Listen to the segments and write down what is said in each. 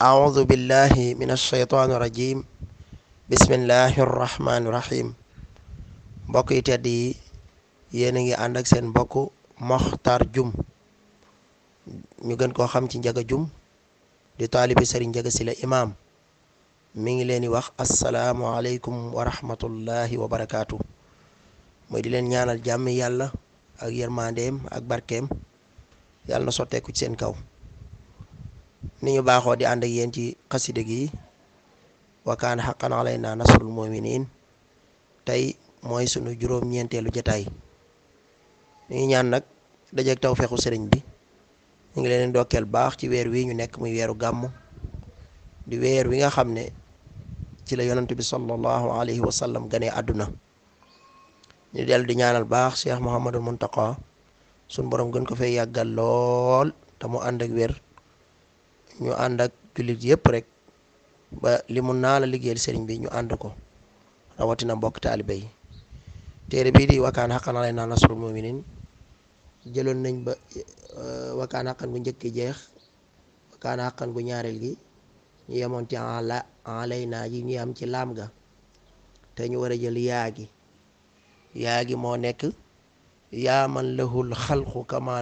أعوذ بالله من الشيطان الرجيم بسم الله الرحمن mbokk yi tedd yi yéen a ngi ànd ak seen mbokk Mokhtar jum ñu gën koo xam ci Ndiaga jum di taalibi Serigne Ndiaga Sylla imaam mi ngi leen di wax asalaamualeykum wa rahmatullahi wa barakaatu mooy di leen ñaanal jàmm yàlla ak yërmandeem ak barkeem yàlla na sotteeku ci seen kaw. ni ñu baaxoo di ànd ak yéen ci xasida gi wa kaana xaqan alayna nasrul muminin tey mooy sunu juróom-ñeenteelu jataay ñu ngi ñaan nag taw feexu sëriñ bi ñu ngi leen ndokkeel baax ci weer wi ñu nekk muy weeru gàmm di weer wi nga xam ne ci la yonent bi sallallahu alayhi wa sallam gane àdduna ñu dellu di ñaanal baax Cheikh Mouhamadul Muntaqa sunu boroom gën ko fay yàggal lool te mu ànd ak wér. ñu ànd ak jullit yépp rek ba li mu naa la liggéey sëriñ bi ñu ànd ko rawatina mbokk taalibe yi téere bii di wakkaan xaqan alay naa nasrul muminin jëloon nañ ba euh, wakkaan xaqan njëkk jeex wakkaan xaqan gu gi ñu yemoon ci ala alay naa am ci laam ga te ñu war a jël yaa gi gi moo nekk yaa man lahul xalqu kama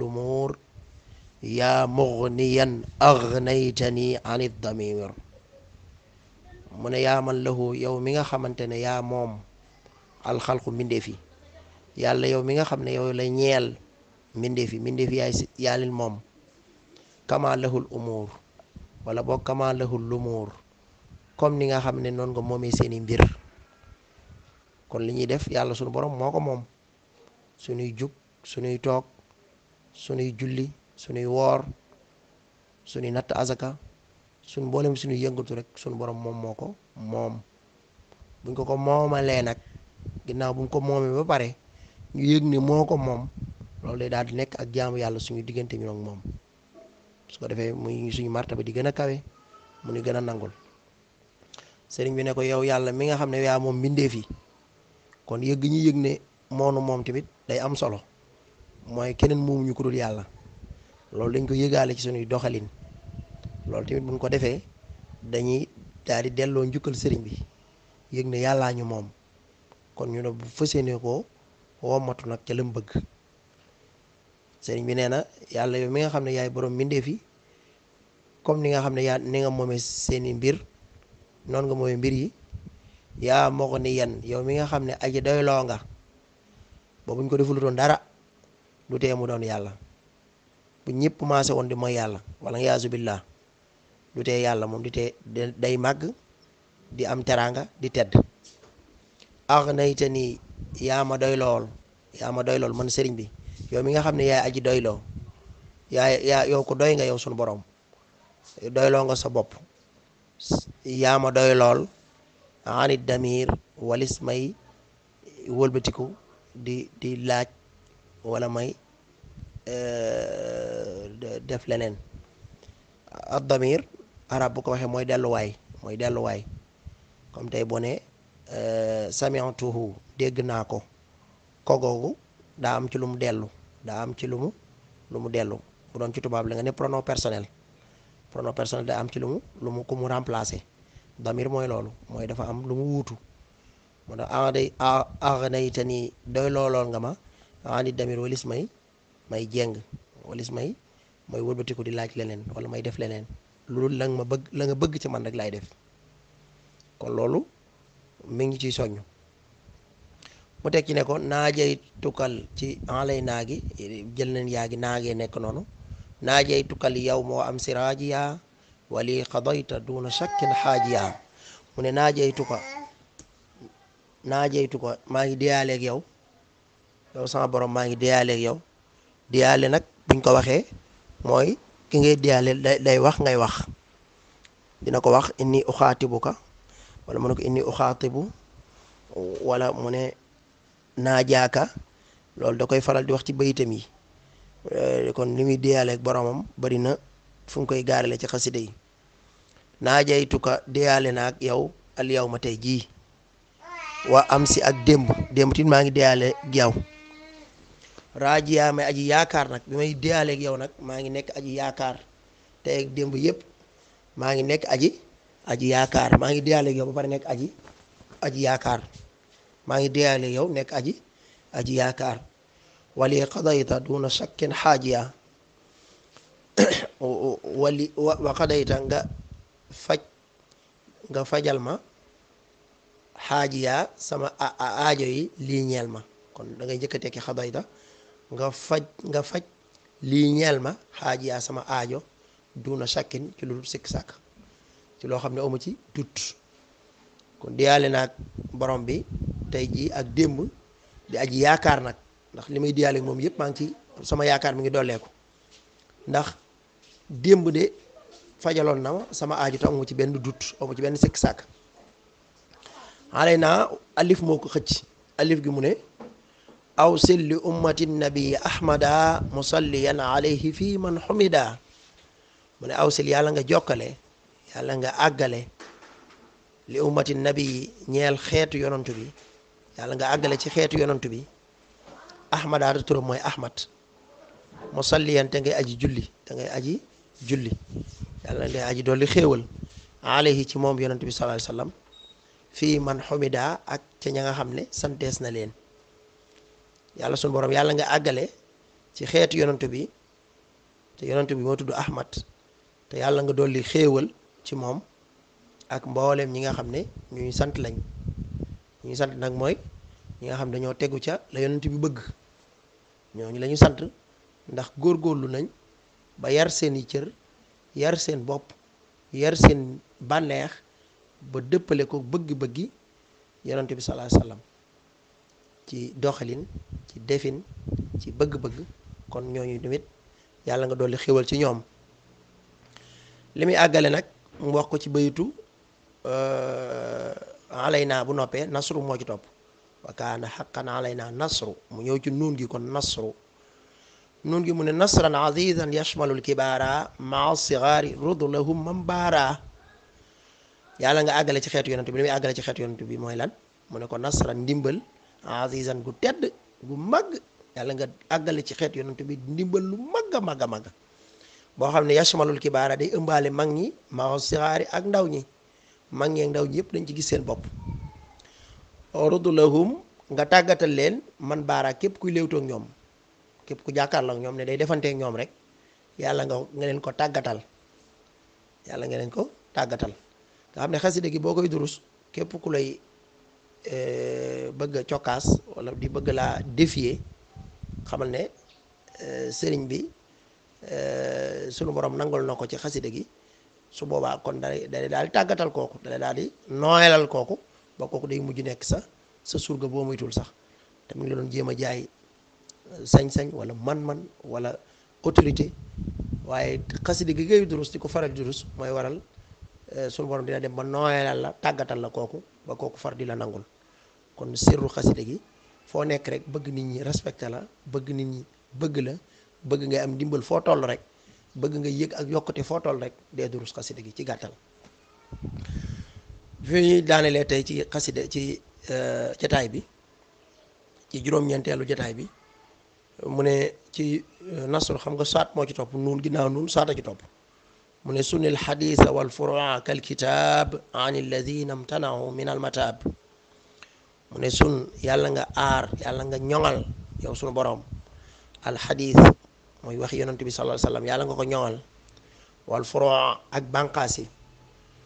lumuur yaa mughniyan aghnaytani anid damir mu ne yaa man lahu yow mi nga xamante ne yaa moom alxalqu mbindeef yi yàlla yow mi nga xam ne yow la ñeel mbindeef yi mbindeef yaay yaa moom kama lahul umuur wala boog kama lahul lumuur comme ni nga xam ne noonu nga moomee seeni mbir kon li ñuy def yàlla sunu borom moo ko moom sunuy jug sunuy toog sunuy julli suñuy woor suñuy natt azaka suñ mboolem suñuy yëngatu rek suñu borom moom moo ko moom buñ ko ko moomalee nag ginnaaw bu mu ko moom ba pare ñu yëg ni moo ko moom loolu day daal di nekk ak jaamu yàlla suñu diggante moom su ko defee muy suñu martaba di gën a kawe mu ñu gën a nangul sëriñ bi ne yow yàlla mi nga xam ne yaa moom mbindeef yi kon yëg ñu yëg ne moonu moom tamit day am solo mooy keneen moomu ñu ko yàlla loolu dañ ko yëgaale ci suñuy doxalin loolu tamit buñ ko defee dañuy daal delloo njukkal sëriñ bi yëg na yàlla ñu moom kon ñu ne bu fësee ko womatu nag ca lam bëgg sëriñ bi nee na yàlla yow mi nga xam ne yaay boroom mbindeef yi comme ni nga xam ne yaa ni nga moomee seeni mbir noonu nga moomee mbir yi yaa moo ko ni yan yow mi nga xam ne aji doyloo nga ba buñ ko defulutoon dara du tee mu doon yàlla. bu ñëpp maase woon di mooy yàlla walla yaasu billah du tee yàlla moom di tee day màgg di am teraanga di tedd ax nayte nii yaa ma doy lool yaa ma doy lool man sëriñ bi yow mi nga xam ne yaay aji doyloo yaa yaa yow ko doy nga yow sunu borom doyloo nga sa bopp yaa ma doy lool anit damir walis may wëlbatiku di di laaj wala may def leneen ad-damir arab bu ko waxee mooy delluwaay mooy delluwaay comme tey bone nee euh, sami'tuhu dégg naa ko ko kogoogu daa am ci lu mu dellu daa am ci lu mu lu mu dellu bu doon ci tubaab la nga ne pronom personnel pronom personnel daa am ci lu mu lu mu ku mu remplacer damir mooy loolu mooy dafa am lu mu wuutu moo tax aday aghnaytani doy loolool nga ma ani damir walis may may jeng walis may may wëlbatiku di laaj leneen wala may def leneen loolu la ma bëgg la nga bëgg ci man rek laay def kon loolu mi ngi ciy soññ mu teg ci ne ko naajay tukkal ci enlay naagi jël nañ yaa gi naagee nekk noonu naajay yow moo am siraaji yaa wali xadayta duna shakkin xaaji yaa mu ne naajay tukka naajay tukka maa ngi deyaaleeg yow yow sama borom maa ngi deyaaleeg yow diyaale nag buñ ko waxee mooy ki ngay diyaale day wax ngay wax dina ko wax inni uxaatibuka wala mu ne ko inni uxaatibu wala mu ne naajaaka loolu da koy faral di wax ci bayitam yi eh, kon li muy diyaale boromam bari na fu koy gaarale ci xasida yi naajaytuka diyaale na ak yow al yow ma tey jii waa am si ak démb démb tit maa ngi diyaale ak yow raajiyaa may aji yaakaar nag bi may déyaaleeg yow nag maa ngi nekk aji yaakaar te ak démb yépp maa ngi nekk aji aji yaakaar maa ngi déyaaleeg yow ba pare nekk aji aji yaakaar maa ngi déyaaleeg yow nekk aji aji yaakaar wali qadayta duna shakkin xaajiya wali wa qadayta nga faj nga fajal ma xaajiya sama aajo yi lii ma kon da ngay a tekki xadayta nga faj nga faj lii ñeel ma xaaj yaa sama aajo duna shakkin ci lu dul sikk sàkk ci loo xam ne amu ci tut kon diyaale naag borom bi tey jii ak démb di aji yaakaar nag ndax li may diyaale moom yëpp maa ngi ci sama yaakaar mu ngi dolleeku ndax démb de fajaloon na ma sama aaju te amu ci benn dut amu ci benn sikk sàkk xaale naa alif moo ko xëcc alif gi mu ne awsil li ummati nabi ahmada musalliyan alayhi fi man xumida mu ne awsil yàlla nga jokkale yàlla nga àggale li ummati nabi ñeel xeetu yonantu bi yàlla nga àggale ci xeetu yonantu bi ahmada te turam mooy ahmad musalliyan te ngay aji julli da ngay aji julli yàlla ngay aji dolli xéewal alayhi ci moom yonantu bi sallallahu alayhi fii man xumida ak ca ña nga xam ne santees na leen yàlla sunu borom yàlla nga àggale ci xeetu yonantu bi te yonantu bi moo tudd Ahmad te yàlla nga dolli xéewal ci moom ak mbooleem ñi nga xam ne ñuy sant lañ ñuy sant nag mooy ñi nga xam dañoo tegu ca la yonantu bi bëgg ñooñu lañu sant ndax góor góorlu nañ ba yar seeni cër yar seen bopp yar seen bànneex ba dëppale ko bëgg-bëggi yonantu bi sallallahu alayhi ci doxalin ci defin ci bëgg-bëgg kon ñooñu tamit yàlla nga dolli xéwal ci ñoom li muy àggale nag mu wax ko ci bayitu euh, alay naa bu noppee nasru moo ci topp wa kaana xaqan alay naa nasru mu ñëw ci nuun gi kon nasru nuun gi mu ne nasran azizan yashmalul kibaara maa sigaari rudulahum baaraa yàlla nga àggale ci xeetu yonent bi li muy àggale ci xeetu yonent bi mooy lan mu ne ko nasran ndimbal azizan gu tedd gu mag yàlla nga àggale ci xeet yonent bi ndimbal lu màgg a magga a boo xam ne yashmalul kibaara day ëmbaale mag ñi maa sixaari ak ndaw ñi mag ñi ndaw ñi yëpp dañ ci gis seen bopp rudulahum nga tàggatal leen man baara képp kuy léewtoog ñoom képp ku jàkkaarloog ñoom ne day defanteeg ñoom rek yàlla nga nga leen ko tàggatal yàlla nga leen ko tàggatal nga xam ne xasida gi boo koy durus képp ku lay Eh, bëgg a cokkaas wala di bëgg laa défier xamal ne eh, sëriñ bi eh, sunu borom nangul na ko ci xasida gi su boobaa kon da day daal di tàggatal kooku da daal di nooyalal kooku ba kooku day mujj nekk sa sa surga boo muytul sax te mu ngi la doon jéem a jaay sañ-sañ wala man-man walla autorité waaye xasida gi ngay durus di ko faral di mooy waral sunu borom dina dem ba nooyalal la tàggatal la kooku. ba kooku far di la nangul kon sirru xasida gi foo nekk rek bëgg nit ñi respecté la bëgg nit ñi bëgg la bëgg ngay am ndimbal foo toll rek bëgg nga yëg ak yokkute foo toll rek dee durus xasida gi ci gàttal bi ñuy daanelee tey ci xasida ci euh, jataay bi ci juróom-ñeenteelu jataay bi mu ne ci euh, nasru xam nga saat moo ci topp nuun ginnaaw nuun saata ci topp mu ne sunni alxadisa walfurua kalkitaab an alladina mtanahu min almataab mu ne sun yàlla nga aar yàlla nga ñoŋal yow sunu borom alxadis mooy wax yonent bi yàlla nga ko ñoŋal walfurua ak bànqaas yi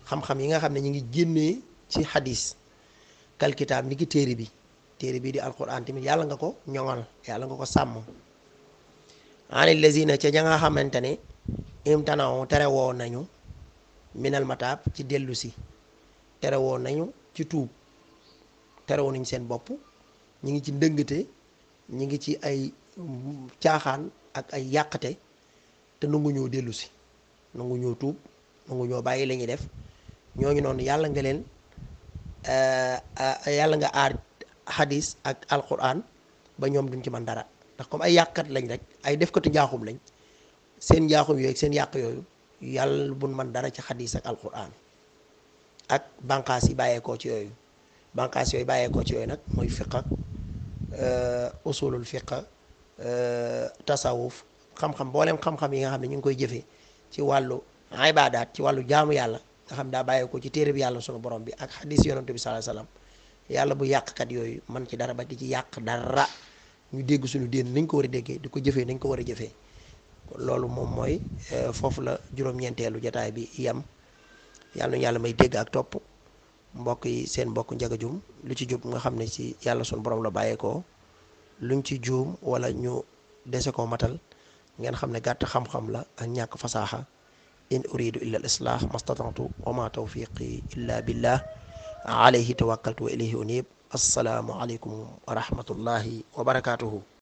xam-xam yi nga xam ne ñu ngi génnee ci xadis kalkitaab ni ki téere bi téere bii di alquran tamit yàlla nga ko ñoŋal yàlla nga ko sàmm an allazina ca ña nga xamante imtanaon tere woo nañu minal mataab ci dellu si tere woo nañu ci tuub tere woo nañu seen bopp ñi ngi ci ndëngate ñi ngi ci ay caaxaan ak ay yàqte te nangu ñoo dellu si nangu ñoo tuub nangu ñoo bàyyi lañuy def ñoo ñooñu noonu yàlla nga leen eh, yàlla nga aar xadis ak alquran ba ñoom duñ ci mën dara ndax comme ay yàqkat lañ rek ay defkatu njaaxum lañ seen njaaxum yooyu seen yàq yooyu yàlla bu man dara ci xadis ak alquran ak bànqaas yi bàyyeekoo ci yooyu bànqaas yooyu bàyyeekoo ci yooyu nag mooy fiqa euh, usulul fiqa euh, tasawuf xam-xam mboolem xam-xam yi nga xam ne ñu ngi koy jëfee ci wàllu ibaadaat ci wàllu jaamu yàlla nga xam daa bàyyeekoo ci téere bi yàlla sunu borom bi ak xadis yonent bi sallallahu alayhi wasallam yàlla bu yàqkat yooyu man ci dara ba di ci yàq dara ñu dégg suñu déen nañ ko war a déggee di ko jëfee nañ ko war a jëfee kon loolu moom mooy euh, foofu la juróom-ñeenteelu jataay bi yam yàlla na yàlla may dégg ak topp mbokk yi seen mbokk njaga jum lu ci jub nga xam ne si yàlla sunu borom la bàyyeekoo luñ ci juum wala ñu dese ko matal ngeen xam ne gàtt xam-xam la ak ñàkk fasaaxa in uridu illa al islah mastata'tu wa ma tawfiqi illa billah alayhi tawakkaltu wa ilayhi unib assalaamu aleykum wa rahmatullahi wa barakatuhu